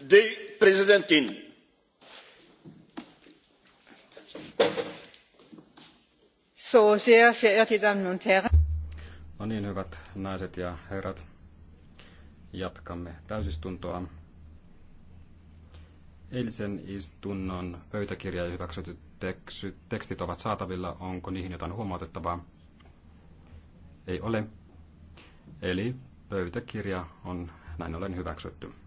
die präsidentin! So, sehr verehrte Damen und Herren. No niin, hyvät naiset ja herrat. Jatkamme täysistuntoa. Eilisen istunnon pöytäkirja ja hyväksytyt tekstit ovat saatavilla. Onko niihin jotain huomautettavaa? Ei ole. Eli pöytäkirja on näin ollen hyväksytty.